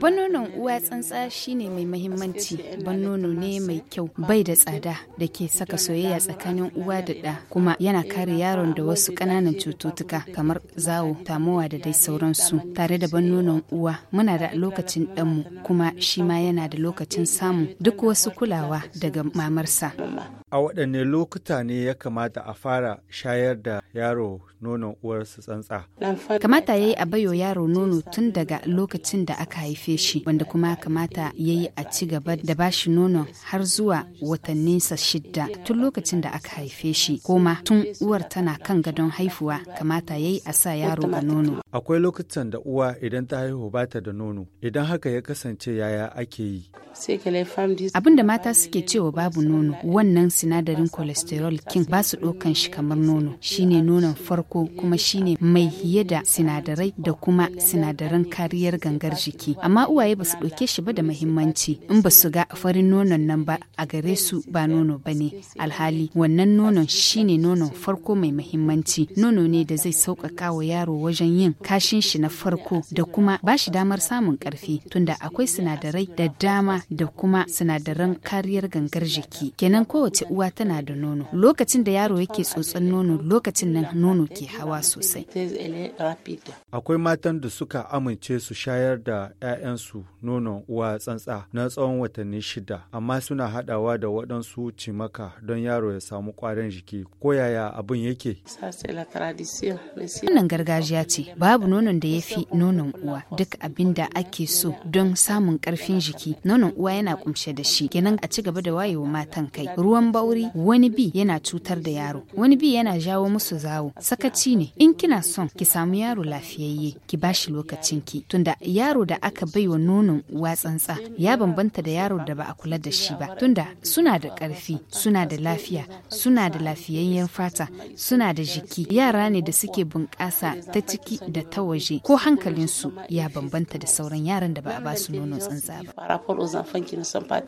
bannonon uwa tsantsa shine mai mahimmanci. bannono ne mai kyau bai da tsada da ke saka soyayya tsakanin uwa da ɗa kuma yana kare yaron da wasu ƙananan cututtuka kamar zawo, tamowa da dai sauransu. Tare da bannonon uwa muna da lokacin ɗanmu kuma shi ma yana da lokacin samu duk wasu kulawa daga mamarsa. A waɗanne lokuta ne ya kamata a fara shayar da yaro nonon uwarsa tsantsa? Kamata ya yi a bayo yaro nono tun daga lokacin da aka haife shi wanda kuma kamata ya yi a ci gaba da bashi nono har zuwa watanninsa shidda tun lokacin da aka haife shi koma tun uwar tana kan gadon haifuwa kamata ya yi a sa yaro a nono. Akwai lokutan da uwa idan ta haihu ba ta da nono idan haka ya kasance yaya ake yi. Abin da mata suke cewa babu nono wannan sinadarin cholesterol king ba su ɗaukan shi kamar nono shine nonon farko kuma shine mai hiye da sinadarai da kuma sinadaran kariyar gangarji. jiki amma uwaye ba su ɗauke shi ba da muhimmanci in ba su ga farin nonon nan ba a gare su ba nono ba ne alhali wannan nonon shine nonon farko mai muhimmanci nono ne da zai sauƙaƙa wa yaro wajen yin kashin shi na farko da kuma ba shi damar samun ƙarfi tunda akwai sinadarai da dama da kuma sinadaran kariyar gangar jiki kenan kowace uwa tana da nono lokacin da yaro yake tsotson nono lokacin nan nono ke hawa sosai akwai matan da suka amince su shayar da da 'ya'yansu nonon uwa tsantsa na tsawon watanni shida amma suna haɗawa da waɗansu cimaka don yaro ya samu ƙwarin jiki ko yaya abin yake wannan gargajiya ce babu nonon da ya fi nonon uwa duk abin da ake so don samun karfin jiki nonon uwa yana kumshe da shi kenan a ci gaba da wayewa matan kai ruwan bauri wani bi yana cutar da yaro wani bi yana jawo musu zawo sakaci ne in kina son ki samu yaro lafiyayye ki bashi ki, tunda yaro da aka bai wa nonon uwa tsantsa ya bambanta da yaro da ba a kula da shi ba tunda suna da ƙarfi suna da lafiya suna da lafiyayyen fata suna da jiki yara ne da suke bunƙasa ta ciki da ta waje ko hankalinsu ya bambanta da sauran yaran da ba a basu nono tsantsa ba